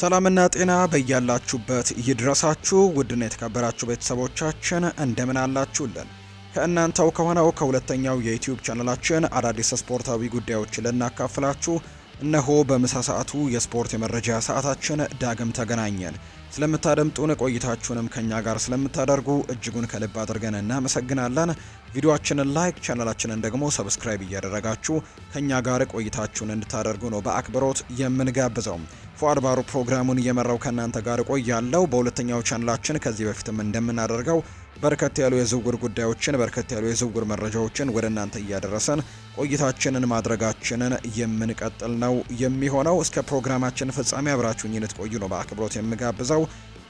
ሰላምና ጤና በያላችሁበት ይድረሳችሁ ውድና የተከበራችሁ ቤተሰቦቻችን እንደምን አላችሁልን? ከእናንተው ከሆነው ከሁለተኛው የዩትዩብ ቻናላችን አዳዲስ ስፖርታዊ ጉዳዮች ልናካፍላችሁ እነሆ በምሳ ሰዓቱ የስፖርት የመረጃ ሰዓታችን ዳግም ተገናኘን። ስለምታደምጡን ቆይታችሁንም ከኛ ጋር ስለምታደርጉ እጅጉን ከልብ አድርገን እናመሰግናለን። ቪዲዮአችንን ላይክ፣ ቻናላችንን ደግሞ ሰብስክራይብ እያደረጋችሁ ከኛ ጋር ቆይታችሁን እንድታደርጉ ነው በአክብሮት የምንጋብዘው። ፉአድ ባሩ ፕሮግራሙን እየመራው ከእናንተ ጋር ቆያለው። በሁለተኛው ቻናላችን ከዚህ በፊትም እንደምናደርገው በርከት ያሉ የዝውውር ጉዳዮችን በርከት ያሉ የዝውውር መረጃዎችን ወደ እናንተ እያደረሰን ቆይታችንን ማድረጋችንን የምንቀጥል ነው የሚሆነው። እስከ ፕሮግራማችን ፍጻሜ አብራችሁኝ ልትቆዩ ነው በአክብሮት የምጋብዘው።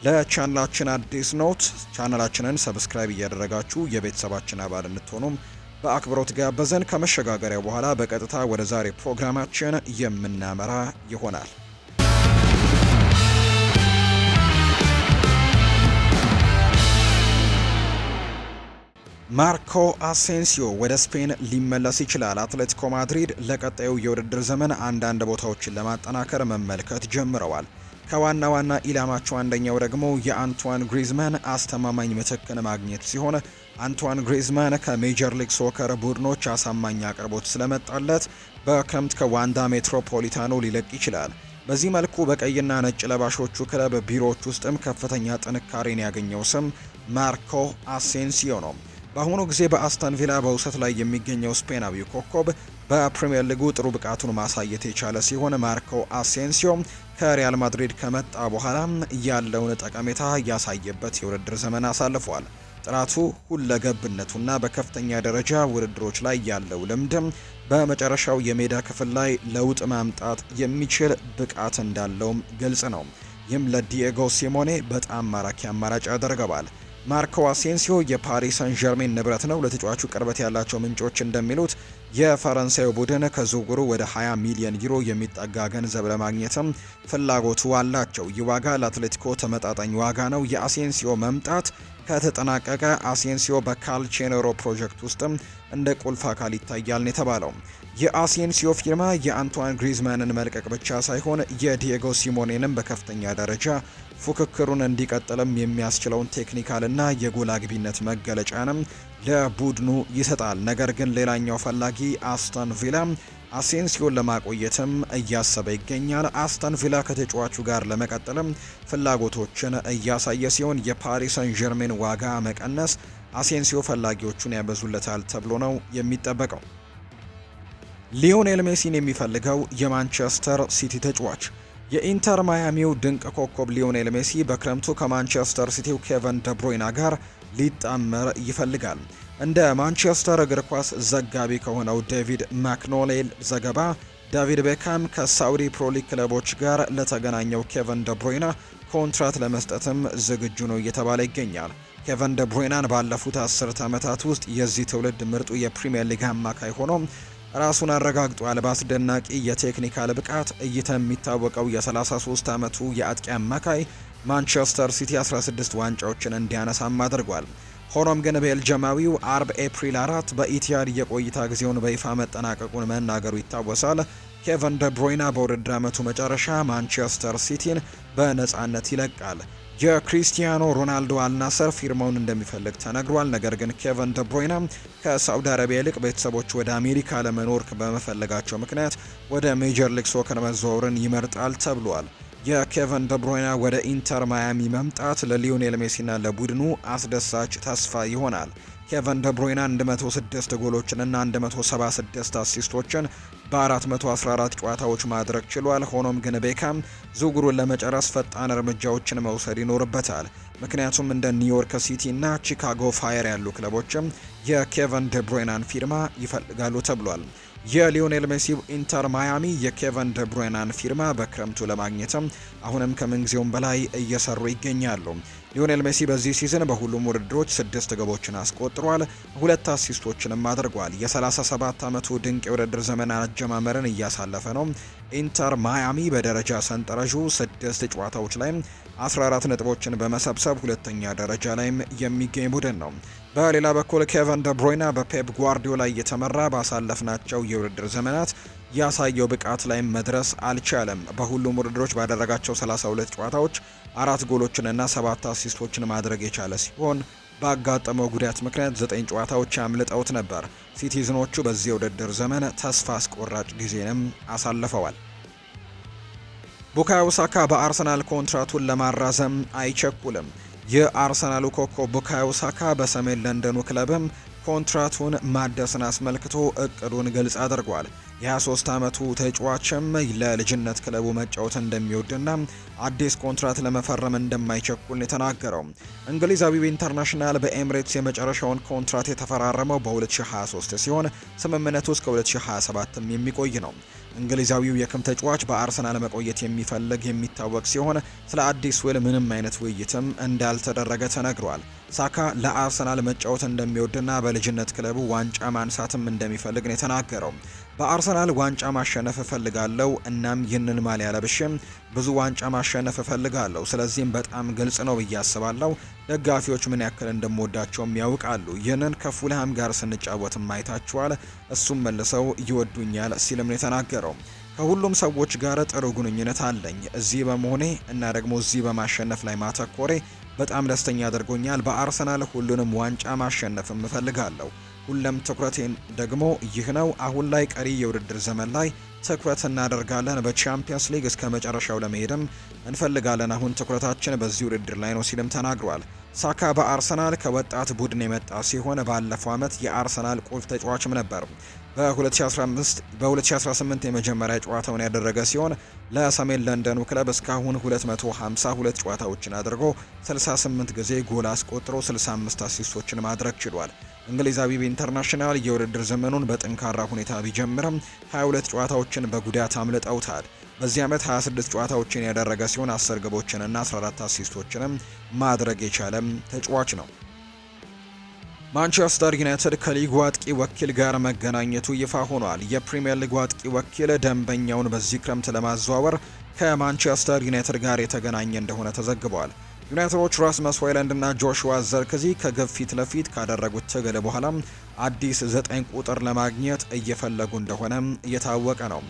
ለቻናላችን አዲስ ኖት ቻናላችንን ሰብስክራይብ እያደረጋችሁ የቤተሰባችን አባል እንድትሆኑም በአክብሮት ጋበዘን። ከመሸጋገሪያ በኋላ በቀጥታ ወደ ዛሬ ፕሮግራማችን የምናመራ ይሆናል። ማርኮ አሴንሲዮ ወደ ስፔን ሊመለስ ይችላል። አትሌቲኮ ማድሪድ ለቀጣዩ የውድድር ዘመን አንዳንድ ቦታዎችን ለማጠናከር መመልከት ጀምረዋል። ከዋና ዋና ኢላማቸው አንደኛው ደግሞ የአንቷን ግሪዝማን አስተማማኝ ምትክን ማግኘት ሲሆን አንቷን ግሪዝማን ከሜጀር ሊግ ሶከር ቡድኖች አሳማኝ አቅርቦት ስለመጣለት በክረምት ከዋንዳ ሜትሮፖሊታኖ ሊለቅ ይችላል። በዚህ መልኩ በቀይና ነጭ ለባሾቹ ክለብ ቢሮዎች ውስጥም ከፍተኛ ጥንካሬን ያገኘው ስም ማርኮ አሴንሲዮ ነው። በአሁኑ ጊዜ በአስተን ቪላ በውሰት ላይ የሚገኘው ስፔናዊው ኮከብ በፕሪምየር ሊጉ ጥሩ ብቃቱን ማሳየት የቻለ ሲሆን ማርኮ አሴንሲዮ ከሪያል ማድሪድ ከመጣ በኋላ ያለውን ጠቀሜታ ያሳየበት የውድድር ዘመን አሳልፏል። ጥራቱ፣ ሁለገብነቱና በከፍተኛ ደረጃ ውድድሮች ላይ ያለው ልምድም በመጨረሻው የሜዳ ክፍል ላይ ለውጥ ማምጣት የሚችል ብቃት እንዳለውም ግልጽ ነው። ይህም ለዲኤጎ ሲሞኔ በጣም ማራኪ አማራጭ ያደርገዋል። ማርኮ አሴንሲዮ የፓሪስ ሳን ዠርሜን ንብረት ነው። ለተጫዋቹ ቅርበት ያላቸው ምንጮች እንደሚሉት የፈረንሳዩ ቡድን ከዝውውሩ ወደ 20 ሚሊዮን ዩሮ የሚጠጋ ገንዘብ ለማግኘትም ፍላጎቱ አላቸው። ይህ ዋጋ ለአትሌቲኮ ተመጣጣኝ ዋጋ ነው። የአሴንሲዮ መምጣት ከተጠናቀቀ አሴንሲዮ በካልቼኖሮ ፕሮጀክት ውስጥም እንደ ቁልፍ አካል ይታያል ነው የተባለው። የአሴንሲዮ ፊርማ የአንቷን ግሪዝማንን መልቀቅ ብቻ ሳይሆን የዲየጎ ሲሞኔንም በከፍተኛ ደረጃ ፉክክሩን እንዲቀጥልም የሚያስችለውን ቴክኒካልና የጎል አግቢነት መገለጫንም ለቡድኑ ይሰጣል። ነገር ግን ሌላኛው ፈላጊ አስተን ቪላ አሴንሲዮን ለማቆየትም እያሰበ ይገኛል። አስተን ቪላ ከተጫዋቹ ጋር ለመቀጠልም ፍላጎቶችን እያሳየ ሲሆን የፓሪሰን ጀርሜን ዋጋ መቀነስ አሴንሲዮ ፈላጊዎቹን ያበዙለታል ተብሎ ነው የሚጠበቀው። ሊዮኔል ሜሲን የሚፈልገው የማንቸስተር ሲቲ ተጫዋች የኢንተር ማያሚው ድንቅ ኮከብ ሊዮኔል ሜሲ በክረምቱ ከማንቸስተር ሲቲው ኬቨን ደብሮይና ጋር ሊጣመር ይፈልጋል። እንደ ማንቸስተር እግር ኳስ ዘጋቢ ከሆነው ዴቪድ ማክኖሌል ዘገባ ዳቪድ ቤካም ከሳውዲ ፕሮሊግ ክለቦች ጋር ለተገናኘው ኬቨን ደብሮይና ኮንትራት ለመስጠትም ዝግጁ ነው እየተባለ ይገኛል። ኬቨን ደብሮይናን ባለፉት አስርት ዓመታት ውስጥ የዚህ ትውልድ ምርጡ የፕሪምየር ሊግ አማካይ ሆኖ ራሱን አረጋግጧል። በአስደናቂ የቴክኒካል ብቃት እይታ የሚታወቀው የ33 ዓመቱ የአጥቂ አማካይ ማንቸስተር ሲቲ 16 ዋንጫዎችን እንዲያነሳም አድርጓል። ሆኖም ግን ቤልጀማዊው አርብ ኤፕሪል 4 በኢትያድ የቆይታ ጊዜውን በይፋ መጠናቀቁን መናገሩ ይታወሳል። ኬቨን ደብሮይና በውድድር ዓመቱ መጨረሻ ማንቸስተር ሲቲን በነፃነት ይለቃል። የክሪስቲያኖ ሮናልዶ አልናሰር ፊርማውን እንደሚፈልግ ተነግሯል። ነገር ግን ኬቨን ደብሮይና ከሳውዲ አረቢያ ይልቅ ቤተሰቦች ወደ አሜሪካ ለመኖር በመፈለጋቸው ምክንያት ወደ ሜጀር ሊግ ሶከር መዘዋወርን ይመርጣል ተብሏል። የኬቨን ደብሮይና ወደ ኢንተር ማያሚ መምጣት ለሊዮኔል ሜሲና ለቡድኑ አስደሳች ተስፋ ይሆናል። ኬቨን ደብሮይና 106 ጎሎችንና 176 አሲስቶችን በ414 ጨዋታዎች ማድረግ ችሏል። ሆኖም ግን ቤካም ዝውውሩን ለመጨረስ ፈጣን እርምጃዎችን መውሰድ ይኖርበታል። ምክንያቱም እንደ ኒውዮርክ ሲቲ እና ቺካጎ ፋየር ያሉ ክለቦችም የኬቨን ደብሮይናን ፊርማ ይፈልጋሉ ተብሏል። የሊዮኔል ሜሲ ኢንተር ማያሚ የኬቨን ደብሩይናን ፊርማ በክረምቱ ለማግኘትም አሁንም ከምንጊዜውም በላይ እየሰሩ ይገኛሉ። ሊዮኔል ሜሲ በዚህ ሲዝን በሁሉም ውድድሮች ስድስት ግቦችን አስቆጥሯል፣ ሁለት አሲስቶችንም አድርጓል። የ37 ዓመቱ ድንቅ የውድድር ዘመን አጀማመርን እያሳለፈ ነው። ኢንተር ማያሚ በደረጃ ሰንጠረዡ ስድስት ጨዋታዎች ላይ 14 ነጥቦችን በመሰብሰብ ሁለተኛ ደረጃ ላይም የሚገኝ ቡድን ነው። በሌላ በኩል ኬቨን ደብሮይና በፔፕ ጓርዲዮላ እየተመራ ባሳለፍናቸው የውድድር ዘመናት ያሳየው ብቃት ላይ መድረስ አልቻለም። በሁሉም ውድድሮች ባደረጋቸው 32 ጨዋታዎች አራት ጎሎችንና ሰባት አሲስቶችን ማድረግ የቻለ ሲሆን ባጋጠመው ጉዳት ምክንያት ዘጠኝ ጨዋታዎች አምልጠውት ነበር። ሲቲዝኖቹ በዚህ የውድድር ዘመን ተስፋ አስቆራጭ ጊዜንም አሳልፈዋል። ቡካዮ ሳካ በአርሰናል ኮንትራቱን ለማራዘም አይቸኩልም። የአርሰናሉ ኮከብ ቡካዮ ሳካ በሰሜን ለንደኑ ክለብም ኮንትራቱን ማደስን አስመልክቶ እቅዱን ግልጽ አድርጓል። የ23 ዓመቱ ተጫዋችም ለልጅነት ክለቡ መጫወት እንደሚወድና አዲስ ኮንትራት ለመፈረም እንደማይቸኩል የተናገረው እንግሊዛዊው ኢንተርናሽናል በኤምሬትስ የመጨረሻውን ኮንትራት የተፈራረመው በ2023 ሲሆን ስምምነቱ እስከ 2027ም የሚቆይ ነው። እንግሊዛዊው የክም ተጫዋች በአርሰናል መቆየት የሚፈልግ የሚታወቅ ሲሆን ስለ አዲስ ውል ምንም አይነት ውይይትም እንዳልተደረገ ተነግሯል። ሳካ ለአርሰናል መጫወት እንደሚወድና በልጅነት ክለቡ ዋንጫ ማንሳትም እንደሚፈልግ ነው የተናገረው። በአርሰናል ዋንጫ ማሸነፍ እፈልጋለሁ። እናም ይህንን ማሊያ ለብሼም ብዙ ዋንጫ ማሸነፍ እፈልጋለሁ። ስለዚህም በጣም ግልጽ ነው ብዬ አስባለሁ። ደጋፊዎች ምን ያክል እንደምወዳቸውም ያውቃሉ። ይህንን ከፉልሃም ጋር ስንጫወትም አይታችኋል። እሱም መልሰው ይወዱኛል ሲልም ነው የተናገረው። ከሁሉም ሰዎች ጋር ጥሩ ግንኙነት አለኝ። እዚህ በመሆኔ እና ደግሞ እዚህ በማሸነፍ ላይ ማተኮሬ በጣም ደስተኛ አድርጎኛል። በአርሰናል ሁሉንም ዋንጫ ማሸነፍም እፈልጋለሁ። ሁለም ትኩረቴን ደግሞ ይህ ነው። አሁን ላይ ቀሪ የውድድር ዘመን ላይ ትኩረት እናደርጋለን። በቻምፒየንስ ሊግ እስከ መጨረሻው ለመሄድም እንፈልጋለን። አሁን ትኩረታችን በዚህ ውድድር ላይ ነው ሲልም ተናግሯል። ሳካ በአርሰናል ከወጣት ቡድን የመጣ ሲሆን ባለፈው ዓመት የአርሰናል ቁልፍ ተጫዋችም ነበር። በ2015 በ2018 የመጀመሪያ ጨዋታውን ያደረገ ሲሆን ለሰሜን ለንደኑ ክለብ እስካሁን 252 ጨዋታዎችን አድርጎ 68 ጊዜ ጎል አስቆጥሮ 65 አሲስቶችን ማድረግ ችሏል። እንግሊዛዊ ኢንተርናሽናል የውድድር ዘመኑን በጠንካራ ሁኔታ ቢጀምርም 22 ጨዋታዎችን በጉዳት አምልጠውታል። በዚህ ዓመት 26 ጨዋታዎችን ያደረገ ሲሆን 10 ግቦችንና 14 አሲስቶችንም ማድረግ የቻለም ተጫዋች ነው። ማንቸስተር ዩናይትድ ከሊጉ አጥቂ ወኪል ጋር መገናኘቱ ይፋ ሆኗል። የፕሪምየር ሊጉ አጥቂ ወኪል ደንበኛውን በዚህ ክረምት ለማዘዋወር ከማንቸስተር ዩናይትድ ጋር የተገናኘ እንደሆነ ተዘግቧል። ዩናይትዶች ራስመስ ሆይለንድ እና ጆሹዋ ዘርክዚ ከግብ ፊት ለፊት ካደረጉት ትግል በኋላ አዲስ ዘጠኝ ቁጥር ለማግኘት እየፈለጉ እንደሆነ እየታወቀ ነው።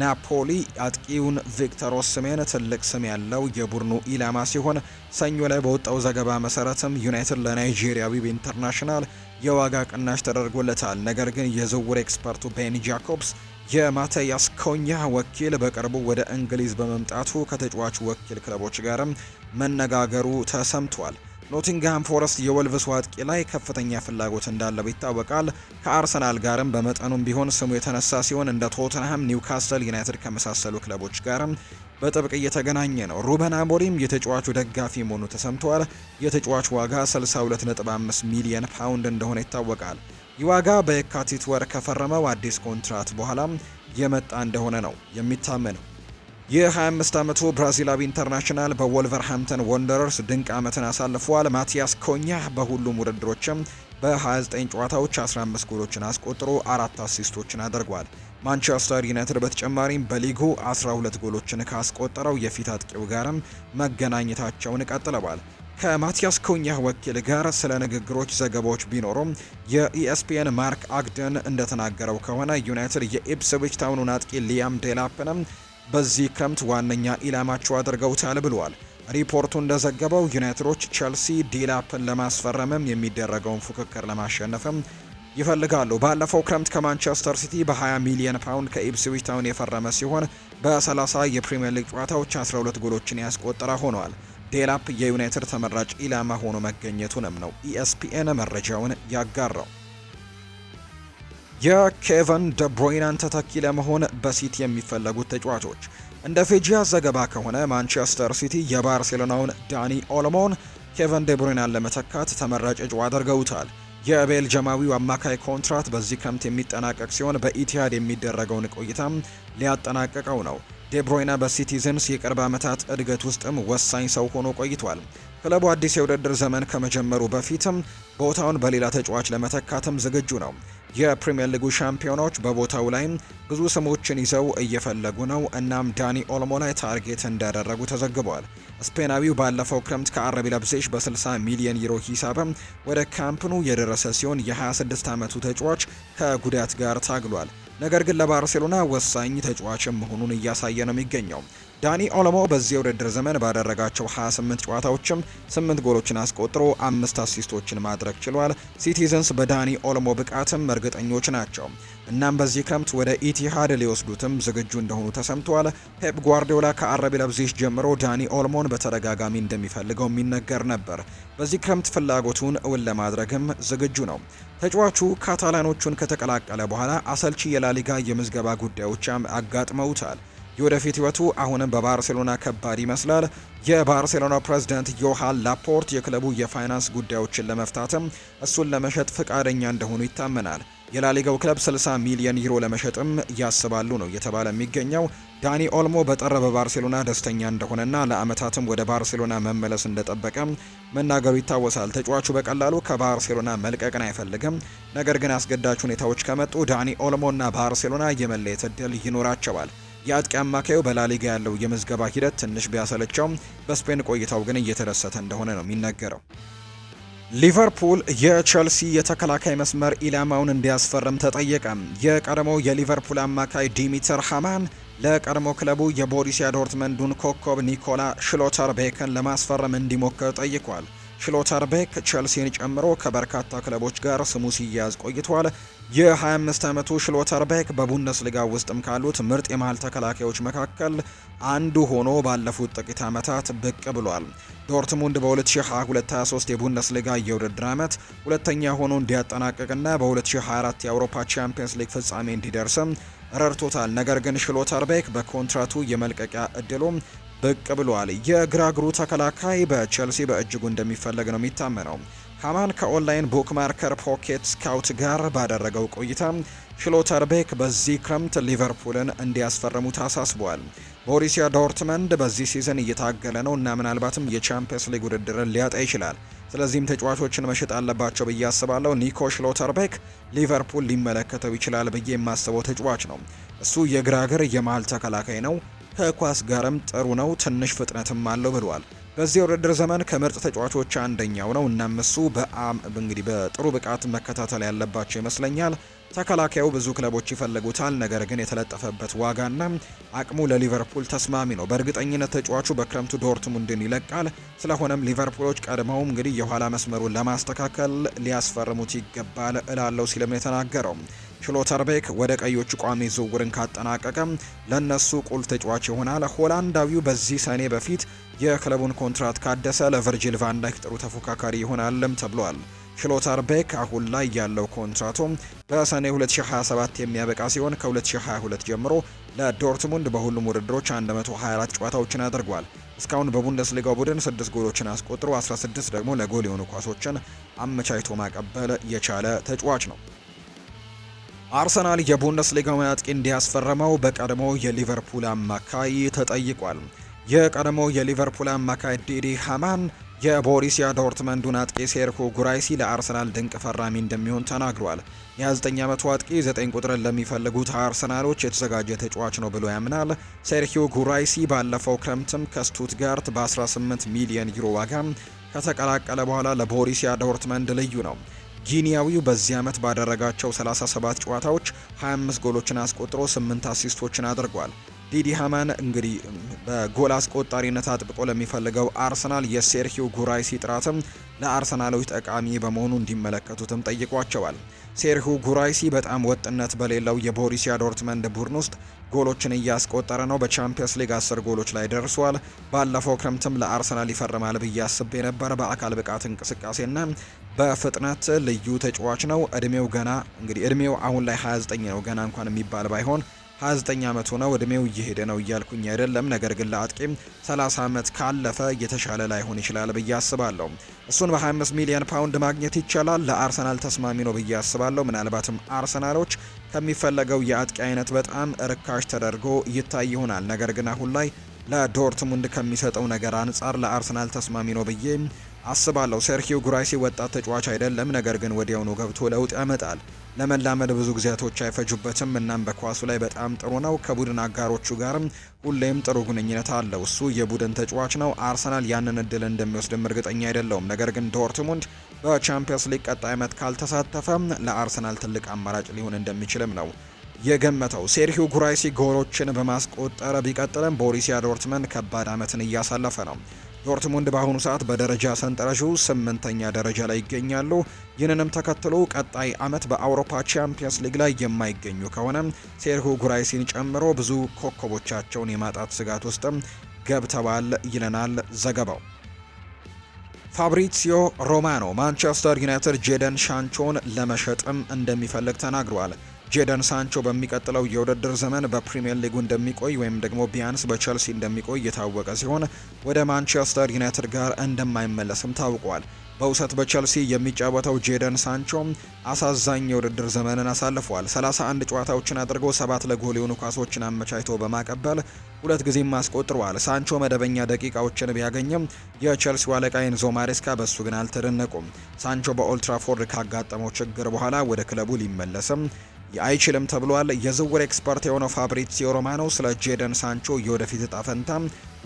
ናፖሊ አጥቂውን ቪክተር ኦስሜን ትልቅ ስም ያለው የቡድኑ ኢላማ ሲሆን ሰኞ ላይ በወጣው ዘገባ መሰረትም ዩናይትድ ለናይጄሪያዊ ኢንተርናሽናል የዋጋ ቅናሽ ተደርጎለታል። ነገር ግን የዝውውር ኤክስፐርቱ ቤን ጃኮብስ የማቴያስ ኮኛ ወኪል በቅርቡ ወደ እንግሊዝ በመምጣቱ ከተጫዋቹ ወኪል ክለቦች ጋርም መነጋገሩ ተሰምቷል። ኖቲንግሃም ፎረስት የወልቭስ ዋጥቂ ላይ ከፍተኛ ፍላጎት እንዳለው ይታወቃል። ከአርሰናል ጋርም በመጠኑም ቢሆን ስሙ የተነሳ ሲሆን እንደ ቶተንሃም፣ ኒውካስል ዩናይትድ ከመሳሰሉ ክለቦች ጋርም በጥብቅ እየተገናኘ ነው። ሩበን አሞሪም የተጫዋቹ ደጋፊ መሆኑ ተሰምቷል። የተጫዋቹ ዋጋ 62.5 ሚሊየን ፓውንድ እንደሆነ ይታወቃል። ይህ ዋጋ በየካቲት ወር ከፈረመው አዲስ ኮንትራት በኋላ የመጣ እንደሆነ ነው የሚታመነው። የ25 ዓመቱ ብራዚላዊ ኢንተርናሽናል በወልቨርሃምፕተን ወንደረርስ ድንቅ ዓመትን አሳልፏል። ማቲያስ ኮኛ በሁሉም ውድድሮችም በ29 ጨዋታዎች 15 ጎሎችን አስቆጥሮ አራት አሲስቶችን አድርጓል። ማንቸስተር ዩናይትድ በተጨማሪም በሊጉ 12 ጎሎችን ካስቆጠረው የፊት አጥቂው ጋርም መገናኘታቸውን ቀጥለዋል። ከማቲያስ ኮኛህ ወኪል ጋር ስለ ንግግሮች ዘገባዎች ቢኖሩም የኢኤስፒኤን ማርክ አግደን እንደተናገረው ከሆነ ዩናይትድ የኢፕስዊች ታውኑን አጥቂ ሊያም ዴላፕንም በዚህ ክረምት ዋነኛ ኢላማቸው አድርገውታል ብሏል። ሪፖርቱ እንደዘገበው ዩናይትዶች ቸልሲ ዲላፕን ለማስፈረምም የሚደረገውን ፉክክር ለማሸነፍም ይፈልጋሉ። ባለፈው ክረምት ከማንቸስተር ሲቲ በ20 ሚሊዮን ፓውንድ ከኢፕስዊች ታውን የፈረመ ሲሆን በ30 የፕሪምየር ሊግ ጨዋታዎች 12 ጎሎችን ያስቆጠረ ሆኗል። ዴላፕ የዩናይትድ ተመራጭ ኢላማ ሆኖ መገኘቱንም ነው ኢኤስፒኤን መረጃውን ያጋራው። የኬቨን ደብሮይናን ተተኪ ለመሆን በሲቲ የሚፈለጉት ተጫዋቾች እንደ ፌጂያ ዘገባ ከሆነ ማንቸስተር ሲቲ የባርሴሎናውን ዳኒ ኦልሞን ኬቨን ደብሮይናን ለመተካት ተመራጭ እጩ አድርገውታል። የቤልጅማዊው አማካይ ኮንትራት በዚህ ክረምት የሚጠናቀቅ ሲሆን በኢቲያድ የሚደረገውን ቆይታም ሊያጠናቀቀው ነው። ዴብሮይና በሲቲዘንስ የቅርብ ዓመታት እድገት ውስጥም ወሳኝ ሰው ሆኖ ቆይቷል። ክለቡ አዲስ የውድድር ዘመን ከመጀመሩ በፊትም ቦታውን በሌላ ተጫዋች ለመተካትም ዝግጁ ነው። የፕሪምየር ሊጉ ሻምፒዮኖች በቦታው ላይም ብዙ ስሞችን ይዘው እየፈለጉ ነው። እናም ዳኒ ኦልሞ ላይ ታርጌት እንዳደረጉ ተዘግቧል። ስፔናዊው ባለፈው ክረምት ከአረቢ ለብዜሽ በ60 ሚሊዮን ዩሮ ሂሳብም ወደ ካምፕኑ የደረሰ ሲሆን የ26 ዓመቱ ተጫዋች ከጉዳት ጋር ታግሏል። ነገር ግን ለባርሴሎና ወሳኝ ተጫዋችም መሆኑን እያሳየ ነው የሚገኘው። ዳኒ ኦሎሞ በዚህ የውድድር ዘመን ባደረጋቸው 28 ጨዋታዎችም 8 ጎሎችን አስቆጥሮ አምስት አሲስቶችን ማድረግ ችሏል። ሲቲዘንስ በዳኒ ኦሎሞ ብቃትም እርግጠኞች ናቸው። እናም በዚህ ክረምት ወደ ኢቲሃድ ሊወስዱትም ዝግጁ እንደሆኑ ተሰምቷል። ፔፕ ጓርዲዮላ ከአረቢ ለብዚሽ ጀምሮ ዳኒ ኦልሞን በተደጋጋሚ እንደሚፈልገው የሚነገር ነበር። በዚህ ክረምት ፍላጎቱን እውን ለማድረግም ዝግጁ ነው። ተጫዋቹ ካታላኖቹን ከተቀላቀለ በኋላ አሰልቺ የላሊጋ የምዝገባ ጉዳዮች አጋጥመውታል። የወደፊት ህይወቱ አሁንም በባርሴሎና ከባድ ይመስላል። የባርሴሎና ፕሬዝዳንት ዮሃን ላፖርት የክለቡ የፋይናንስ ጉዳዮችን ለመፍታትም እሱን ለመሸጥ ፈቃደኛ እንደሆኑ ይታመናል። የላሊጋው ክለብ 60 ሚሊዮን ዩሮ ለመሸጥም ያስባሉ ነው እየተባለ የሚገኘው። ዳኒ ኦልሞ በጠረ በባርሴሎና ደስተኛ እንደሆነና ለአመታትም ወደ ባርሴሎና መመለስ እንደጠበቀ መናገሩ ይታወሳል። ተጫዋቹ በቀላሉ ከባርሴሎና መልቀቅን አይፈልግም። ነገር ግን አስገዳጅ ሁኔታዎች ከመጡ ዳኒ ኦልሞና ባርሴሎና የመለየት እድል ይኖራቸዋል። የአጥቂ አማካዩ በላሊጋ ያለው የምዝገባ ሂደት ትንሽ ቢያሰለቸውም በስፔን ቆይታው ግን እየተደሰተ እንደሆነ ነው የሚነገረው። ሊቨርፑል የቸልሲ የተከላካይ መስመር ኢላማውን እንዲያስፈርም ተጠየቀ። የቀድሞ የሊቨርፑል አማካይ ዲሚተር ሃማን ለቀድሞ ክለቡ የቦሪሲያ ዶርትመንዱን ኮከብ ኒኮላ ሽሎተር ቤከን ለማስፈረም እንዲሞክር ጠይቋል። ሽሎተርቤክ ቼልሲን ጨምሮ ከበርካታ ክለቦች ጋር ስሙ ሲያያዝ ቆይቷል። የ25 ዓመቱ ሽሎተርቤክ በቡንደስሊጋ ውስጥም ካሉት ምርጥ የመሃል ተከላካዮች መካከል አንዱ ሆኖ ባለፉት ጥቂት ዓመታት ብቅ ብሏል። ዶርትሙንድ በ2022/23 የቡንደስሊጋ የውድድር ዓመት ሁለተኛ ሆኖ እንዲያጠናቅቅና በ2024 የአውሮፓ ቻምፒየንስ ሊግ ፍጻሜ እንዲደርስም ረድቶታል። ነገር ግን ሽሎተርቤክ በኮንትራቱ የመልቀቂያ እድሉም ብቅ ብሏል። የግራ እግሩ ተከላካይ በቼልሲ በእጅጉ እንደሚፈለግ ነው የሚታመነው። ሃማን ከኦንላይን ቡክ ማርከር ፖኬት ስካውት ጋር ባደረገው ቆይታ ሽሎተር ቤክ በዚህ ክረምት ሊቨርፑልን እንዲያስፈርሙ ታሳስቧል። ቦሪሲያ ዶርትመንድ በዚህ ሲዝን እየታገለ ነው እና ምናልባትም የቻምፒየንስ ሊግ ውድድርን ሊያጣ ይችላል። ስለዚህም ተጫዋቾችን መሸጥ አለባቸው ብዬ አስባለሁ። ኒኮ ሽሎተርቤክ ቤክ ሊቨርፑል ሊመለከተው ይችላል ብዬ የማስበው ተጫዋች ነው። እሱ የግራ እግር የመሀል ተከላካይ ነው። ከኳስ ጋርም ጥሩ ነው፣ ትንሽ ፍጥነትም አለው ብሏል። በዚህ የውድድር ዘመን ከምርጥ ተጫዋቾች አንደኛው ነው። እናም እሱ በአም እንግዲህ በጥሩ ብቃት መከታተል ያለባቸው ይመስለኛል። ተከላካዩ ብዙ ክለቦች ይፈልጉታል፣ ነገር ግን የተለጠፈበት ዋጋና አቅሙ ለሊቨርፑል ተስማሚ ነው። በእርግጠኝነት ተጫዋቹ በክረምቱ ዶርትሙንድን ይለቃል። ስለሆነም ሊቨርፑሎች ቀድመው እንግዲህ የኋላ መስመሩን ለማስተካከል ሊያስፈርሙት ይገባል እላለው ሲልም የተናገረው ሽሎተርቤክ ወደ ቀዮቹ ቋሚ ዝውውርን ካጠናቀቀ ለእነሱ ቁል ተጫዋች ይሆናል። ሆላንዳዊው በዚህ ሰኔ በፊት የክለቡን ኮንትራት ካደሰ ለቨርጂል ቫንዳይክ ጥሩ ተፎካካሪ ይሆናልም ተብሏል። ቤክ አሁን ላይ ያለው ኮንትራቱ በሰኔ 2027 የሚያበቃ ሲሆን ከ2022 ጀምሮ ለዶርትሙንድ በሁሉም ውድድሮች 124 ጨዋታዎችን አድርጓል። እስካሁን በቡንደስሊጋው ቡድን 6 ጎሎችን አስቆጥሮ 16 ደግሞ ለጎል የሆኑ ኳሶችን አመቻችቶ ማቀበል የቻለ ተጫዋች ነው። አርሰናል የቡንደስ ሊጋው አጥቂ እንዲያስፈረመው በቀድሞ የሊቨርፑል አማካይ ተጠይቋል። የቀድሞ የሊቨርፑል አማካይ ዲዲ ሃማን የቦሪሲያ ዶርትመንዱን አጥቂ ሴርኮ ጉራይሲ ለአርሰናል ድንቅ ፈራሚ እንደሚሆን ተናግሯል። የ29 ዓመቱ አጥቂ 9 ቁጥርን ለሚፈልጉት አርሰናሎች የተዘጋጀ ተጫዋች ነው ብሎ ያምናል። ሴርኪዮ ጉራይሲ ባለፈው ክረምትም ከስቱትጋርት በ18 ሚሊዮን ዩሮ ዋጋ ከተቀላቀለ በኋላ ለቦሪሲያ ዶርትመንድ ልዩ ነው። ጊኒያዊው በዚህ ዓመት ባደረጋቸው 37 ጨዋታዎች 25 ጎሎችን አስቆጥሮ 8 አሲስቶችን አድርጓል። ዲዲ ሃማን እንግዲህ በጎል አስቆጣሪነት አጥብቆ ለሚፈልገው አርሰናል የሴርሂው ጉራይሲ ጥራትም ለአርሰናሎች ጠቃሚ በመሆኑ እንዲመለከቱትም ጠይቋቸዋል። ሴርሂው ጉራይሲ በጣም ወጥነት በሌለው የቦሪሲያ ዶርትመንድ ቡድን ውስጥ ጎሎችን እያስቆጠረ ነው። በቻምፒየንስ ሊግ አስር ጎሎች ላይ ደርሷል። ባለፈው ክረምትም ለአርሰናል ይፈርማል ብዬ አስቤ ነበር። በአካል ብቃት እንቅስቃሴና በፍጥነት ልዩ ተጫዋች ነው። እድሜው ገና እንግዲህ እድሜው አሁን ላይ 29 ነው። ገና እንኳን የሚባል ባይሆን 29 ዓመት ሆነው እድሜው እየሄደ ነው እያልኩኝ አይደለም። ነገር ግን ለአጥቂ 30 ዓመት ካለፈ እየተሻለ ላይሆን ይችላል ብዬ አስባለሁ። እሱን በ25 ሚሊዮን ፓውንድ ማግኘት ይቻላል። ለአርሰናል ተስማሚ ነው ብዬ አስባለሁ። ምናልባትም አርሰናሎች ከሚፈለገው የአጥቂ አይነት በጣም ርካሽ ተደርጎ ይታይ ይሆናል። ነገር ግን አሁን ላይ ለዶርትሙንድ ከሚሰጠው ነገር አንጻር ለአርሰናል ተስማሚ ነው ብዬ አስባለሁ። ሴርሂዮ ጉራይሲ ወጣት ተጫዋች አይደለም፣ ነገር ግን ወዲያውኑ ገብቶ ለውጥ ያመጣል። ለመላመድ ብዙ ጊዜያቶች አይፈጁበትም። እናም በኳሱ ላይ በጣም ጥሩ ነው። ከቡድን አጋሮቹ ጋርም ሁሌም ጥሩ ግንኙነት አለው። እሱ የቡድን ተጫዋች ነው። አርሰናል ያንን እድል እንደሚወስድም እርግጠኛ አይደለውም። ነገር ግን ዶርትሙንድ በቻምፒየንስ ሊግ ቀጣይ ዓመት ካልተሳተፈ ለአርሰናል ትልቅ አማራጭ ሊሆን እንደሚችልም ነው የገመተው ሴርሂዮ ጉራይሲ ጎሎችን በማስቆጠረ ቢቀጥልም ቦሪሲያ ዶርትመንድ ከባድ ዓመትን እያሳለፈ ነው። ዶርትሙንድ በአሁኑ ሰዓት በደረጃ ሰንጠረዡ ስምንተኛ ደረጃ ላይ ይገኛሉ። ይህንንም ተከትሎ ቀጣይ ዓመት በአውሮፓ ቻምፒየንስ ሊግ ላይ የማይገኙ ከሆነ ሴርሁ ጉራይሲን ጨምሮ ብዙ ኮከቦቻቸውን የማጣት ስጋት ውስጥም ገብተዋል ይለናል ዘገባው። ፋብሪሲዮ ሮማኖ ማንቸስተር ዩናይትድ ጄደን ሻንቾን ለመሸጥም እንደሚፈልግ ተናግሯል። ጄደን ሳንቾ በሚቀጥለው የውድድር ዘመን በፕሪምየር ሊጉ እንደሚቆይ ወይም ደግሞ ቢያንስ በቸልሲ እንደሚቆይ የታወቀ ሲሆን ወደ ማንቸስተር ዩናይትድ ጋር እንደማይመለስም ታውቋል። በውሰት በቸልሲ የሚጫወተው ጄደን ሳንቾ አሳዛኝ የውድድር ዘመንን አሳልፏል። 31 ጨዋታዎችን አድርጎ ሰባት ለጎል የሆኑ ኳሶችን አመቻችቶ በማቀበል ሁለት ጊዜም አስቆጥሯል። ሳንቾ መደበኛ ደቂቃዎችን ቢያገኝም የቸልሲው አለቃ ኤንዞ ማሬስካ በሱ ግን አልተደነቁም። ሳንቾ በኦልትራፎርድ ካጋጠመው ችግር በኋላ ወደ ክለቡ ሊመለስም አይችልም ተብሏል። የዝውውር ኤክስፐርት የሆነው ፋብሪዚዮ ሮማኖ ስለ ጄደን ሳንቾ የወደፊት እጣ ፈንታ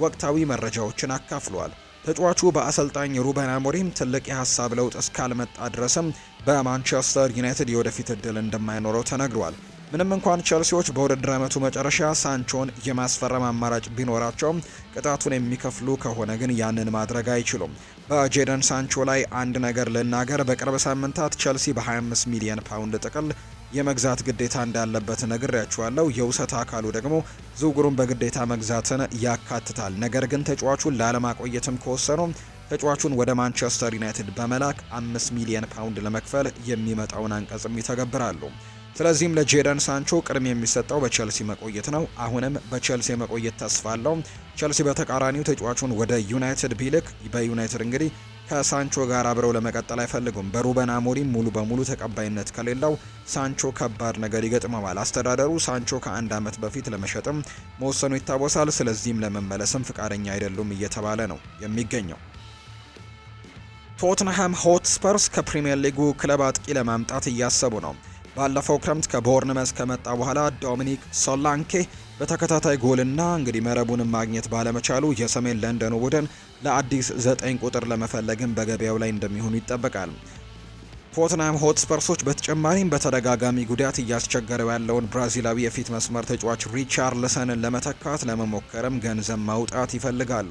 ወቅታዊ መረጃዎችን አካፍሏል። ተጫዋቹ በአሰልጣኝ ሩበን አሞሪም ትልቅ የሀሳብ ለውጥ እስካልመጣ ድረስም በማንቸስተር ዩናይትድ የወደፊት እድል እንደማይኖረው ተነግሯል። ምንም እንኳን ቸልሲዎች በውድድር ዓመቱ መጨረሻ ሳንቾን የማስፈረም አማራጭ ቢኖራቸውም ቅጣቱን የሚከፍሉ ከሆነ ግን ያንን ማድረግ አይችሉም። በጄደን ሳንቾ ላይ አንድ ነገር ልናገር። በቅርብ ሳምንታት ቸልሲ በ25 ሚሊዮን ፓውንድ ጥቅል የመግዛት ግዴታ እንዳለበት ነግሬያችኋለሁ። የውሰት አካሉ ደግሞ ዝውውሩን በግዴታ መግዛትን ያካትታል። ነገር ግን ተጫዋቹን ላለማቆየትም ከወሰኑ ተጫዋቹን ወደ ማንቸስተር ዩናይትድ በመላክ አምስት ሚሊየን ፓውንድ ለመክፈል የሚመጣውን አንቀጽም ይተገብራሉ። ስለዚህም ለጄደን ሳንቾ ቅድሚያ የሚሰጠው በቸልሲ መቆየት ነው። አሁንም በቸልሲ መቆየት ተስፋ አለው። ቸልሲ በተቃራኒው ተጫዋቹን ወደ ዩናይትድ ቢልክ በዩናይትድ እንግዲህ ከሳንቾ ጋር አብረው ለመቀጠል አይፈልጉም። በሩበን አሞሪም ሙሉ በሙሉ ተቀባይነት ከሌለው ሳንቾ ከባድ ነገር ይገጥመዋል። አስተዳደሩ ሳንቾ ከአንድ ዓመት በፊት ለመሸጥም መወሰኑ ይታወሳል። ስለዚህም ለመመለስም ፍቃደኛ አይደሉም እየተባለ ነው የሚገኘው። ቶትንሃም ሆትስፐርስ ከፕሪምየር ሊጉ ክለብ አጥቂ ለማምጣት እያሰቡ ነው። ባለፈው ክረምት ከቦርንመስ ከመጣ በኋላ ዶሚኒክ ሶላንኬ በተከታታይ ጎልና እንግዲህ መረቡን ማግኘት ባለመቻሉ የሰሜን ለንደኑ ቡድን ለአዲስ ዘጠኝ ቁጥር ለመፈለግም በገበያው ላይ እንደሚሆኑ ይጠበቃል። ቶተንሃም ሆትስፐርሶች በተጨማሪም በተደጋጋሚ ጉዳት እያስቸገረው ያለውን ብራዚላዊ የፊት መስመር ተጫዋች ሪቻርልሰንን ለመተካት ለመሞከርም ገንዘብ ማውጣት ይፈልጋሉ።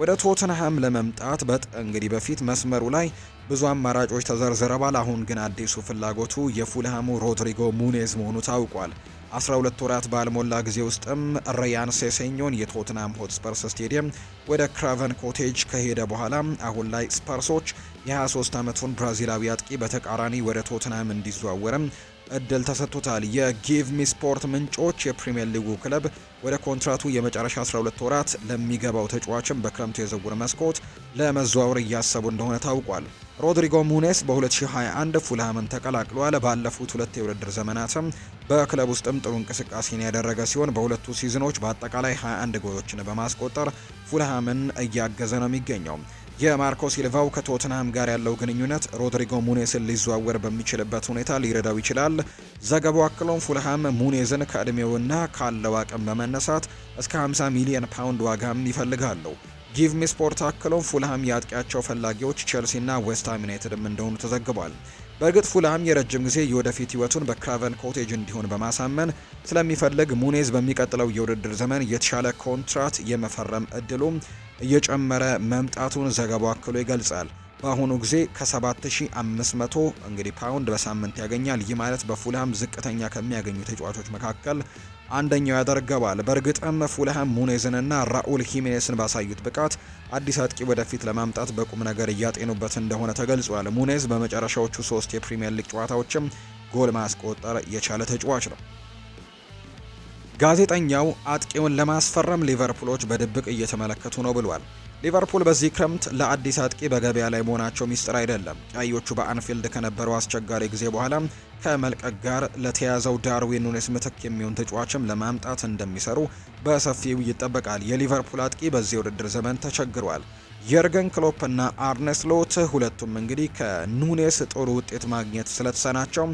ወደ ቶተንሃም ለመምጣት በጥ እንግዲህ በፊት መስመሩ ላይ ብዙ አማራጮች ተዘርዝረዋል። አሁን ግን አዲሱ ፍላጎቱ የፉልሃሙ ሮድሪጎ ሙኔዝ መሆኑ ታውቋል። 12 ወራት ባልሞላ ጊዜ ውስጥም ሪያን ሴሴኞን የቶትናም ሆትስፐርስ ስቴዲየም ወደ ክራቨን ኮቴጅ ከሄደ በኋላ አሁን ላይ ስፐርሶች የ23 ዓመቱን ብራዚላዊ አጥቂ በተቃራኒ ወደ ቶትናም እንዲዘዋወርም እድል ተሰጥቶታል። የጊቭ ሚ ስፖርት ምንጮች የፕሪምየር ሊጉ ክለብ ወደ ኮንትራቱ የመጨረሻ 12 ወራት ለሚገባው ተጫዋችም በክረምቱ የዝውውር መስኮት ለመዘዋወር እያሰቡ እንደሆነ ታውቋል። ሮድሪጎ ሙኔስ በ2021 ፉልሃምን ተቀላቅሏል። ባለፉት ሁለት የውድድር ዘመናትም በክለብ ውስጥም ጥሩ እንቅስቃሴን ያደረገ ሲሆን በሁለቱ ሲዝኖች በአጠቃላይ 21 ጎሎችን በማስቆጠር ፉልሃምን እያገዘ ነው የሚገኘው። የማርኮ ሲልቫው ከቶትንሃም ጋር ያለው ግንኙነት ሮድሪጎ ሙኔስን ሊዘዋወር በሚችልበት ሁኔታ ሊረዳው ይችላል። ዘገባው አክሎም ፉልሃም ሙኔዝን ከዕድሜውና ካለው አቅም በመነሳት እስከ 50 ሚሊዮን ፓውንድ ዋጋም ይፈልጋሉ። ጊቭ ሚ ስፖርት አክሎም ፉልሃም የአጥቂያቸው ፈላጊዎች ቼልሲና ዌስትሃም ዩናይትድም እንደሆኑ ተዘግቧል። በእርግጥ ፉልሃም የረጅም ጊዜ የወደፊት ህይወቱን በክራቨን ኮቴጅ እንዲሆን በማሳመን ስለሚፈልግ ሙኔዝ በሚቀጥለው የውድድር ዘመን የተሻለ ኮንትራት የመፈረም እድሉ እየጨመረ መምጣቱን ዘገባው አክሎ ይገልጻል። በአሁኑ ጊዜ ከ7500 እንግዲህ ፓውንድ በሳምንት ያገኛል። ይህ ማለት በፉልሃም ዝቅተኛ ከሚያገኙ ተጫዋቾች መካከል አንደኛው ያደርገዋል። በእርግጥም ፉልሃም ሙኔዝንና ራኡል ሂሜኔስን ባሳዩት ብቃት አዲስ አጥቂ ወደፊት ለማምጣት በቁም ነገር እያጤኑበት እንደሆነ ተገልጿል። ሙኔዝ በመጨረሻዎቹ ሶስት የፕሪምየር ሊግ ጨዋታዎችም ጎል ማስቆጠር የቻለ ተጫዋች ነው። ጋዜጠኛው አጥቂውን ለማስፈረም ሊቨርፑሎች በድብቅ እየተመለከቱ ነው ብሏል። ሊቨርፑል በዚህ ክረምት ለአዲስ አጥቂ በገበያ ላይ መሆናቸው ሚስጥር አይደለም። ቀዮቹ በአንፊልድ ከነበረው አስቸጋሪ ጊዜ በኋላ ከመልቀቅ ጋር ለተያዘው ዳርዊን ኑኔስ ምትክ የሚሆን ተጫዋችም ለማምጣት እንደሚሰሩ በሰፊው ይጠበቃል። የሊቨርፑል አጥቂ በዚህ ውድድር ዘመን ተቸግሯል። የርገን ክሎፕ እና ሎት ሁለቱም እንግዲህ ከኑኔስ ጥሩ ውጤት ማግኘት ስለተሳናቸው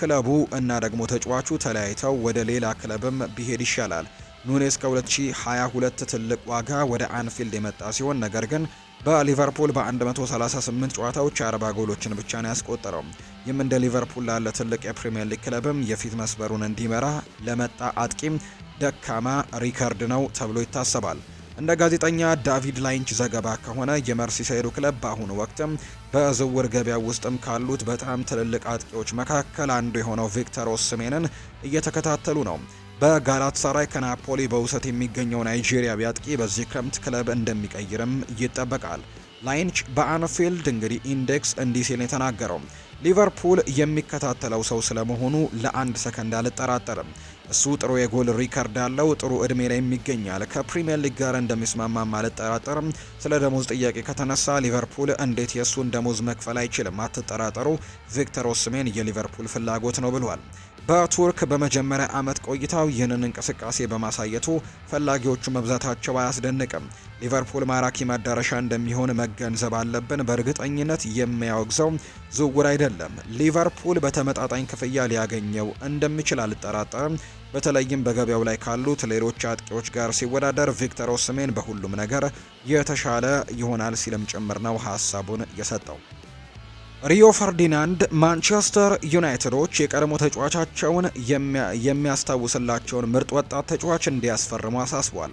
ክለቡ እና ደግሞ ተጫዋቹ ተለያይተው ወደ ሌላ ክለብም ቢሄድ ይሻላል። ኑኔስ ከ2022 ትልቅ ዋጋ ወደ አንፊልድ የመጣ ሲሆን ነገር ግን በሊቨርፑል በ138 ጨዋታዎች 40 ጎሎችን ብቻ ነው ያስቆጠረው። ይህም እንደ ሊቨርፑል ላለ ትልቅ የፕሪምየር ሊግ ክለብም የፊት መስመሩን እንዲመራ ለመጣ አጥቂም ደካማ ሪከርድ ነው ተብሎ ይታሰባል። እንደ ጋዜጠኛ ዳቪድ ላይንች ዘገባ ከሆነ የመርሲሳይዱ ክለብ በአሁኑ ወቅትም በዝውውር ገበያ ውስጥም ካሉት በጣም ትልልቅ አጥቂዎች መካከል አንዱ የሆነው ቪክተር ኦስሜንን እየተከታተሉ ነው። በጋላት ሳራይ ከናፖሊ በውሰት የሚገኘው ናይጄሪያዊ አጥቂ በዚህ ክረምት ክለብ እንደሚቀይርም ይጠበቃል። ላይንች በአንፊልድ እንግዲህ ኢንዴክስ እንዲህ ሲል የተናገረው ሊቨርፑል የሚከታተለው ሰው ስለመሆኑ ለአንድ ሰከንድ አልጠራጠርም። እሱ ጥሩ የጎል ሪከርድ አለው፣ ጥሩ እድሜ ላይ ይገኛል። ከፕሪምየር ሊግ ጋር እንደሚስማማም አልጠራጠርም። ስለ ደሞዝ ጥያቄ ከተነሳ ሊቨርፑል እንዴት የእሱን ደሞዝ መክፈል አይችልም? አትጠራጠሩ፣ ቪክተር ኦስሜን የሊቨርፑል ፍላጎት ነው ብሏል። በቱርክ በመጀመሪያ ዓመት ቆይታው ይህንን እንቅስቃሴ በማሳየቱ ፈላጊዎቹ መብዛታቸው አያስደንቅም። ሊቨርፑል ማራኪ መዳረሻ እንደሚሆን መገንዘብ አለብን። በእርግጠኝነት የሚያወግዘው ዝውውር አይደለም። ሊቨርፑል በተመጣጣኝ ክፍያ ሊያገኘው እንደሚችል አልጠራጠርም። በተለይም በገበያው ላይ ካሉት ሌሎች አጥቂዎች ጋር ሲወዳደር ቪክተር ኦስሜን በሁሉም ነገር የተሻለ ይሆናል ሲልም ጭምር ነው ሀሳቡን የሰጠው። ሪዮ ፈርዲናንድ ማንቸስተር ዩናይትዶች የቀድሞ ተጫዋቻቸውን የሚያስታውስላቸውን ምርጥ ወጣት ተጫዋች እንዲያስፈርሙ አሳስቧል።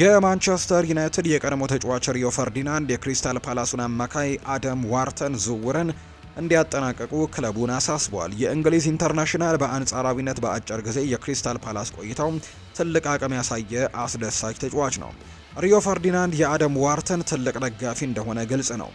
የማንቸስተር ዩናይትድ የቀድሞ ተጫዋች ሪዮ ፈርዲናንድ የክሪስታል ፓላሱን አማካይ አደም ዋርተን ዝውውርን እንዲያጠናቀቁ ክለቡን አሳስቧል። የእንግሊዝ ኢንተርናሽናል በአንጻራዊነት በአጭር ጊዜ የክሪስታል ፓላስ ቆይታው ትልቅ አቅም ያሳየ አስደሳች ተጫዋች ነው። ሪዮ ፈርዲናንድ የአደም ዋርተን ትልቅ ደጋፊ እንደሆነ ግልጽ ነው።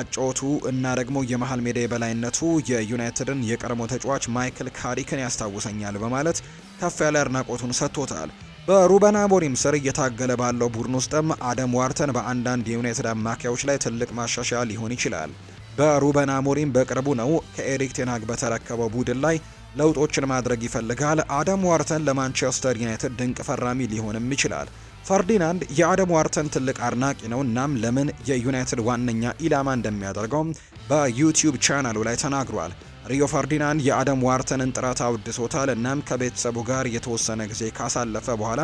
አጫወቱ እና ደግሞ የመሀል ሜዳ የበላይነቱ የዩናይትድን የቀድሞ ተጫዋች ማይክል ካሪክን ያስታውሰኛል በማለት ከፍ ያለ አድናቆቱን ሰጥቶታል። በሩበን አሞሪም ስር እየታገለ ባለው ቡድን ውስጥም አደም ዋርተን በአንዳንድ የዩናይትድ አማካዮች ላይ ትልቅ ማሻሻያ ሊሆን ይችላል። በሩበን አሞሪም በቅርቡ ነው ከኤሪክ ቴናግ በተረከበው ቡድን ላይ ለውጦችን ማድረግ ይፈልጋል። አደም ዋርተን ለማንቸስተር ዩናይትድ ድንቅ ፈራሚ ሊሆንም ይችላል። ፈርዲናንድ የአደም ዋርተን ትልቅ አድናቂ ነው። እናም ለምን የዩናይትድ ዋነኛ ኢላማ እንደሚያደርገው በዩቲዩብ ቻናሉ ላይ ተናግሯል። ሪዮ ፈርዲናንድ የአደም ዋርተንን ጥረት አውድሶታል። እናም ከቤተሰቡ ጋር የተወሰነ ጊዜ ካሳለፈ በኋላ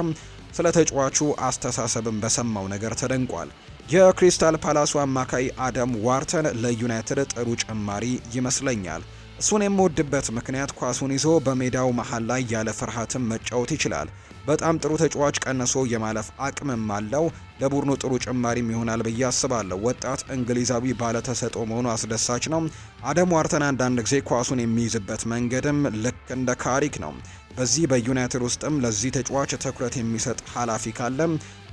ስለ ተጫዋቹ አስተሳሰብን በሰማው ነገር ተደንቋል። የክሪስታል ፓላሱ አማካይ አደም ዋርተን ለዩናይትድ ጥሩ ጭማሪ ይመስለኛል። እሱን የምወድበት ምክንያት ኳሱን ይዞ በሜዳው መሀል ላይ ያለ ፍርሃትም መጫወት ይችላል። በጣም ጥሩ ተጫዋች ቀንሶ የማለፍ አቅምም አለው። ለቡድኑ ጥሩ ጭማሪም ይሆናል ብዬ አስባለሁ። ወጣት እንግሊዛዊ ተሰጦ መሆኑ አስደሳች ነው። አደም ዋርተን አንዳንድ ጊዜ ኳሱን የሚይዝበት መንገድም ልክ እንደ ካሪክ ነው። በዚህ በዩናይትድ ውስጥም ለዚህ ተጫዋች ትኩረት የሚሰጥ ኃላፊ ካለ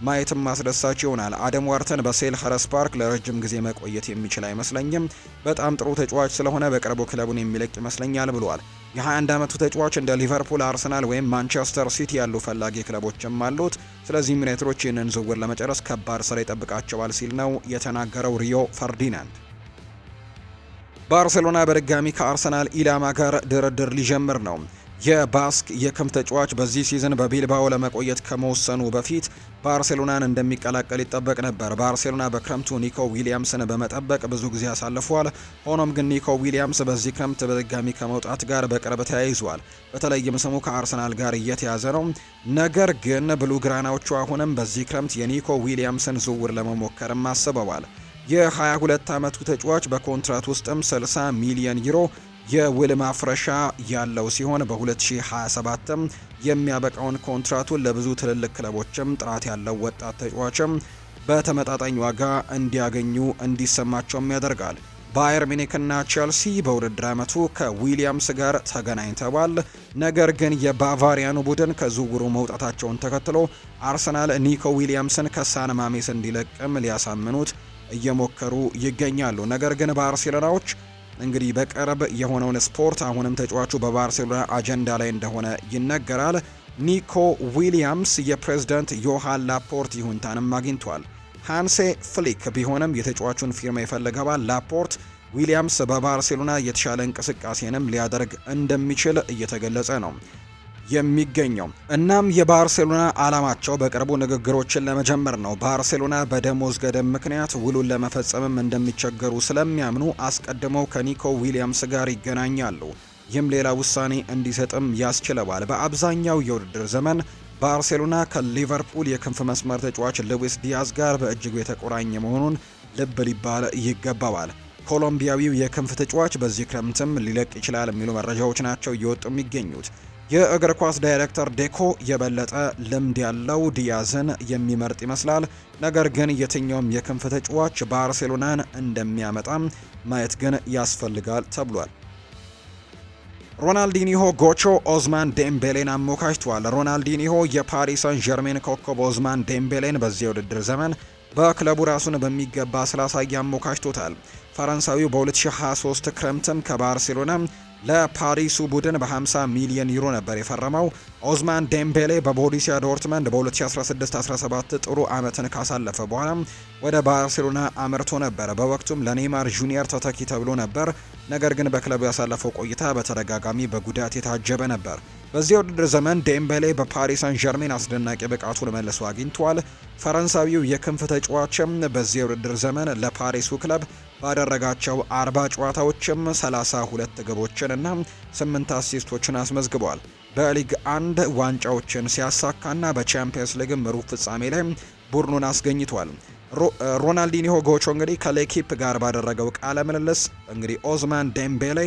ማየትም ማስደሳች ይሆናል። አደም ዋርተን በሴል በሴልኸርስት ፓርክ ለረጅም ጊዜ መቆየት የሚችል አይመስለኝም። በጣም ጥሩ ተጫዋች ስለሆነ በቅርቡ ክለቡን የሚለቅ ይመስለኛል ብሏል። የ21 ዓመቱ ተጫዋች እንደ ሊቨርፑል፣ አርሰናል ወይም ማንቸስተር ሲቲ ያሉ ፈላጊ ክለቦችም አሉት። ስለዚህ ዩናይትዶች ይህንን ዝውውር ለመጨረስ ከባድ ስራ ይጠብቃቸዋል ሲል ነው የተናገረው ሪዮ ፈርዲናንድ። ባርሴሎና በድጋሚ ከአርሰናል ኢላማ ጋር ድርድር ሊጀምር ነው። የባስክ የክም ተጫዋች በዚህ ሲዝን በቢልባኦ ለመቆየት ከመወሰኑ በፊት ባርሴሎናን እንደሚቀላቀል ይጠበቅ ነበር። ባርሴሎና በክረምቱ ኒኮ ዊሊያምስን በመጠበቅ ብዙ ጊዜ አሳልፏል። ሆኖም ግን ኒኮ ዊሊያምስ በዚህ ክረምት በድጋሚ ከመውጣት ጋር በቅርብ ተያይዟል። በተለይም ስሙ ከአርሰናል ጋር እየተያዘ ነው። ነገር ግን ብሉግራናዎቹ አሁንም በዚህ ክረምት የኒኮ ዊሊያምስን ዝውውር ለመሞከርም አስበዋል። የ22 ዓመቱ ተጫዋች በኮንትራት ውስጥም 60 ሚሊዮን ዩሮ የውል ማፍረሻ ያለው ሲሆን በ2027 የሚያበቃውን ኮንትራቱን ለብዙ ትልልቅ ክለቦችም ጥራት ያለው ወጣት ተጫዋችም በተመጣጣኝ ዋጋ እንዲያገኙ እንዲሰማቸውም ያደርጋል። ባየር ሚኒክና ቼልሲ በውድድር ዓመቱ ከዊሊያምስ ጋር ተገናኝተዋል። ነገር ግን የባቫሪያኑ ቡድን ከዝውውሩ መውጣታቸውን ተከትሎ አርሰናል ኒኮ ዊሊያምስን ከሳን ማሜስ እንዲለቅም ሊያሳምኑት እየሞከሩ ይገኛሉ። ነገር ግን ባርሴሎናዎች እንግዲህ በቅርብ የሆነውን ስፖርት አሁንም ተጫዋቹ በባርሴሎና አጀንዳ ላይ እንደሆነ ይነገራል። ኒኮ ዊሊያምስ የፕሬዝዳንት ዮሃን ላፖርት ይሁንታንም አግኝቷል። ሃንሴ ፍሊክ ቢሆንም የተጫዋቹን ፊርማ የፈለገባል ላፖርት ዊሊያምስ በባርሴሎና የተሻለ እንቅስቃሴንም ሊያደርግ እንደሚችል እየተገለጸ ነው። የሚገኘው። እናም የባርሴሎና አላማቸው በቅርቡ ንግግሮችን ለመጀመር ነው። ባርሴሎና በደሞዝ ገደብ ምክንያት ውሉን ለመፈጸምም እንደሚቸገሩ ስለሚያምኑ አስቀድመው ከኒኮ ዊሊያምስ ጋር ይገናኛሉ። ይህም ሌላ ውሳኔ እንዲሰጥም ያስችለዋል። በአብዛኛው የውድድር ዘመን ባርሴሎና ከሊቨርፑል የክንፍ መስመር ተጫዋች ልዊስ ዲያዝ ጋር በእጅጉ የተቆራኘ መሆኑን ልብ ሊባል ይገባዋል። ኮሎምቢያዊው የክንፍ ተጫዋች በዚህ ክረምትም ሊለቅ ይችላል የሚሉ መረጃዎች ናቸው እየወጡ የሚገኙት። የእግር ኳስ ዳይሬክተር ዴኮ የበለጠ ልምድ ያለው ዲያዝን የሚመርጥ ይመስላል። ነገር ግን የትኛውም የክንፍ ተጫዋች ባርሴሎናን እንደሚያመጣም ማየት ግን ያስፈልጋል ተብሏል። ሮናልዲኒሆ ጎቾ ኦዝማን ዴምቤሌን አሞካሽቷል። ሮናልዲኒሆ የፓሪስ ሳን ዠርሜን ኮከብ ኦዝማን ዴምቤሌን በዚህ የውድድር ዘመን በክለቡ ራሱን በሚገባ ስላሳየ አሞካሽቶታል። ፈረንሳዊው በ2023 ክረምትም ከባርሴሎና ለፓሪሱ ቡድን በ50 ሚሊዮን ዩሮ ነበር የፈረመው። ኦዝማን ዴምቤሌ በቦሩሲያ ዶርትመንድ በ2016-17 ጥሩ ዓመትን ካሳለፈ በኋላ ወደ ባርሴሎና አምርቶ ነበር። በወቅቱም ለኔይማር ጁኒየር ተተኪ ተብሎ ነበር። ነገር ግን በክለቡ ያሳለፈው ቆይታ በተደጋጋሚ በጉዳት የታጀበ ነበር። በዚህ ውድድር ዘመን ዴምበሌ በፓሪስ ሳን ዠርሜን አስደናቂ ብቃቱን መልሶ አግኝቷል። ፈረንሳዊው የክንፍ ተጫዋችም በዚህ ውድድር ዘመን ለፓሪሱ ክለብ ባደረጋቸው አርባ ጨዋታዎችም 32 ግቦችን እና 8 አሲስቶችን አስመዝግቧል። በሊግ አንድ ዋንጫዎችን ሲያሳካና በቻምፒየንስ ሊግም ሩብ ፍጻሜ ላይ ቡድኑን አስገኝቷል። ሮናልዲኒሆ ጎቾ እንግዲህ ከሌኪፕ ጋር ባደረገው ቃለ ምልልስ እንግዲህ ኦዝማን ዴምቤሌ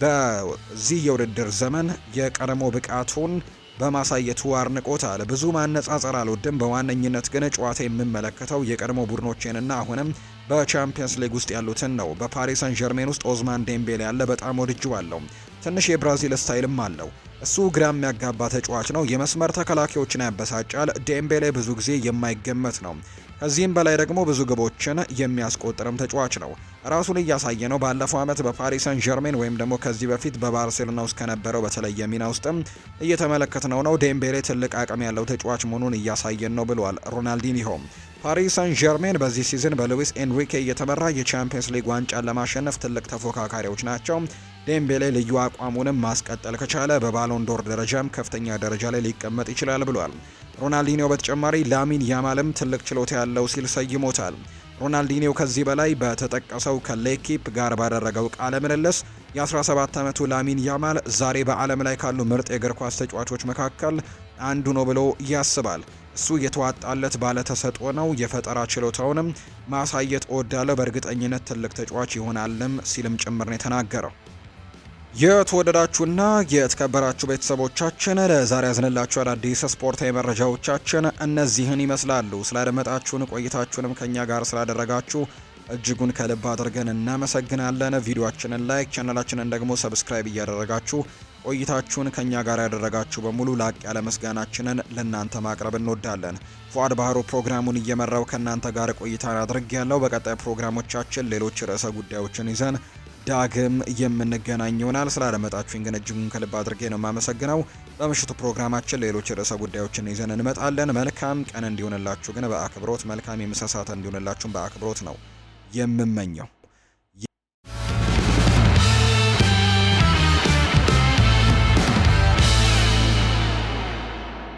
በዚህ የውድድር ዘመን የቀድሞ ብቃቱን በማሳየቱ አድንቆት አለ። ብዙ ማነጻጸር አልወድም፣ በዋነኝነት ግን ጨዋታ የምመለከተው የቀድሞ ቡድኖቼንና አሁንም በቻምፒየንስ ሊግ ውስጥ ያሉትን ነው። በፓሪስ ሰን ዠርሜን ውስጥ ኦዝማን ዴምቤሌ ያለ በጣም ወድጅዋለሁ። ትንሽ የብራዚል ስታይልም አለው። እሱ ግራ የሚያጋባ ተጫዋች ነው። የመስመር ተከላካዮችን ያበሳጫል። ዴምቤሌ ብዙ ጊዜ የማይገመት ነው። ከዚህም በላይ ደግሞ ብዙ ግቦችን የሚያስቆጥርም ተጫዋች ነው። ራሱን እያሳየ ነው። ባለፈው ዓመት በፓሪስ ሰን ዠርሜን ወይም ደግሞ ከዚህ በፊት በባርሴሎና ውስጥ ከነበረው በተለየ ሚና ውስጥም እየተመለከትነው ነው። ዴምቤሌ ትልቅ አቅም ያለው ተጫዋች መሆኑን እያሳየን ነው ብሏል ሮናልዲኒሆ። ፓሪስ ሰን ዠርሜን በዚህ ሲዝን በሉዊስ ኤንሪኬ እየተመራ የቻምፒየንስ ሊግ ዋንጫን ለማሸነፍ ትልቅ ተፎካካሪዎች ናቸው። ዴምቤሌ ልዩ አቋሙንም ማስቀጠል ከቻለ በባሎንዶር ደረጃም ከፍተኛ ደረጃ ላይ ሊቀመጥ ይችላል ብሏል። ሮናልዲኒዮ በተጨማሪ ላሚን ያማልም ትልቅ ችሎታ ያለው ሲል ሰይሞታል። ሮናልዲኒዮ ከዚህ በላይ በተጠቀሰው ከሌኪፕ ጋር ባደረገው ቃለ ምልልስ የ17 ዓመቱ ላሚን ያማል ዛሬ በዓለም ላይ ካሉ ምርጥ የእግር ኳስ ተጫዋቾች መካከል አንዱ ነው ብሎ ያስባል። እሱ የተዋጣለት ባለተሰጥኦ ነው። የፈጠራ ችሎታውንም ማሳየት እወዳለሁ። በእርግጠኝነት ትልቅ ተጫዋች ይሆናልም ሲልም ጭምር ነው የተናገረው። የተወደዳችሁና የተከበራችሁ ቤተሰቦቻችን ለዛሬ ያዝንላችሁ አዳዲስ ስፖርታዊ መረጃዎቻችን እነዚህን ይመስላሉ። ስላደመጣችሁን ቆይታችሁንም ከእኛ ጋር ስላደረጋችሁ እጅጉን ከልብ አድርገን እናመሰግናለን። ቪዲዮችንን ላይክ፣ ቻናላችንን ደግሞ ሰብስክራይብ እያደረጋችሁ ቆይታችሁን ከእኛ ጋር ያደረጋችሁ በሙሉ ላቅ ያለ ምስጋናችንን ለእናንተ ማቅረብ እንወዳለን። ፏድ ባህሩ ፕሮግራሙን እየመራው ከእናንተ ጋር ቆይታን አድርግ ያለው። በቀጣይ ፕሮግራሞቻችን ሌሎች ርዕሰ ጉዳዮችን ይዘን ዳግም የምንገናኝ ይሆናል። ስላደመጣችሁኝ ግን እጅጉን ከልብ አድርጌ ነው የማመሰግነው። በምሽቱ ፕሮግራማችን ሌሎች ርዕሰ ጉዳዮችን ይዘን እንመጣለን። መልካም ቀን እንዲሆንላችሁ ግን በአክብሮት መልካም የምሳ ሰዓት እንዲሆንላችሁም በአክብሮት ነው የምመኘው።